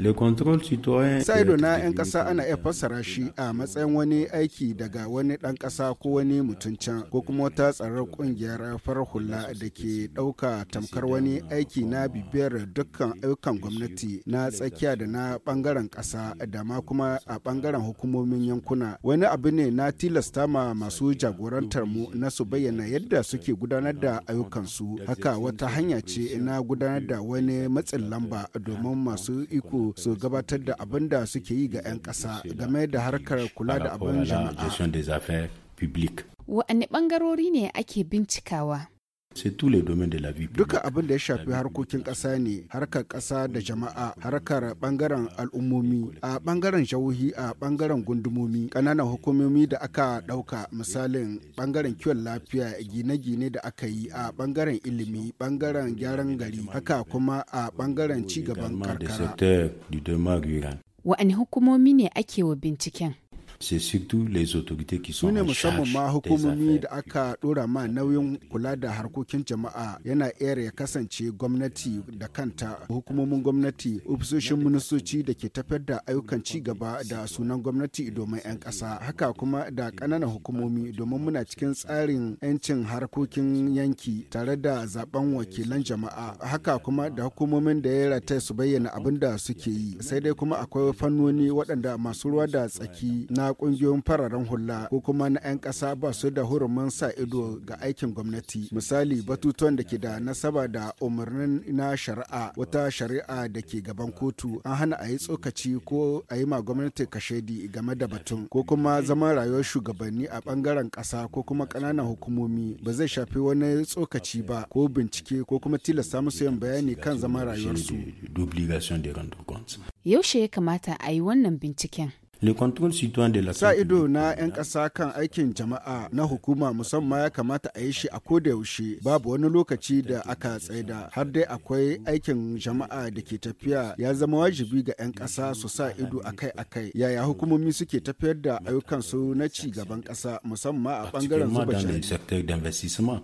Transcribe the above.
citoyen na 'yan ƙasa ana iya fassara shi a matsayin wani aiki daga wani ɗan ƙasa ko wani mutum can ko kuma wata tsarar ƙungiyar farar hula da ke ɗauka tamkar wani aiki na bibiyar dukkan ayyukan gwamnati na tsakiya da na ɓangaren ƙasa da ma kuma a bangaren hukumomin yankuna wani abu ne na tilasta ma masu jagorantar mu na su bayyana yadda suke gudanar da ayyukan su haka wata hanya ce na gudanar da wani matsin lamba domin masu iko su gabatar da abin da suke yi ga 'yan ƙasa game da harkar kula da abin jama'a. Waɗanne ɓangarori ne ake bincikawa? Duka abin da ya shafi harkokin ƙasa ne, harkar ƙasa da jama'a, harkar ɓangaren al'ummomi, a bangaren jauhi a ɓangaren gundumomi, ƙananan hukumomi da aka ɗauka misalin ɓangaren kiwon lafiya gine-gine da aka yi a bangaren ilimi, bangaren gyaran gari, haka kuma a ɓangaren cigaban karkara. Wa'ani hukumomi ne ake wa binciken? su ne musamman ma hukumomi da aka dora ma nauyin kula da harkokin jama'a yana era ya kasance gwamnati da kanta hukumomin gwamnati ofisoshin ministoci da ke tafiyar da ayyukan ci gaba da sunan gwamnati domin 'yan ƙasa haka kuma da ƙananan hukumomi domin muna cikin tsarin 'yancin harkokin yanki tare da zaben wakilan jama'a haka kuma da hukumomin da ya rata su bayyana abin da suke yi sai dai kuma akwai fannoni waɗanda masu ruwa da tsaki na kungiyoyin fararen hula ko kuma na 'yan ƙasa ba su da hurumin sa ido ga aikin gwamnati. Misali batutuwan da ke da nasaba da umarnin na shari'a wata shari'a da ke gaban kotu an hana a yi tsokaci ko a yi ma gwamnati kashedi game da batun ko kuma zaman rayuwar shugabanni a bangaren ƙasa ko kuma ƙananan hukumomi ba zai shafi wani tsokaci ba ko bincike ko kuma tilasta musu yin bayani kan zaman rayuwarsu. Yaushe ya kamata a yi wannan binciken? Sa ido na 'yan kasa kan aikin jama'a na hukuma musamman ya kamata a yi shi a koda yaushe babu wani lokaci da aka tsaida har dai akwai aikin jama'a da ke tafiya ya zama wajibi ga 'yan kasa su sa ido akai-akai yaya hukumomi suke tafiyar da ayyukan su na ci gaban kasa musamman a bangaren zuba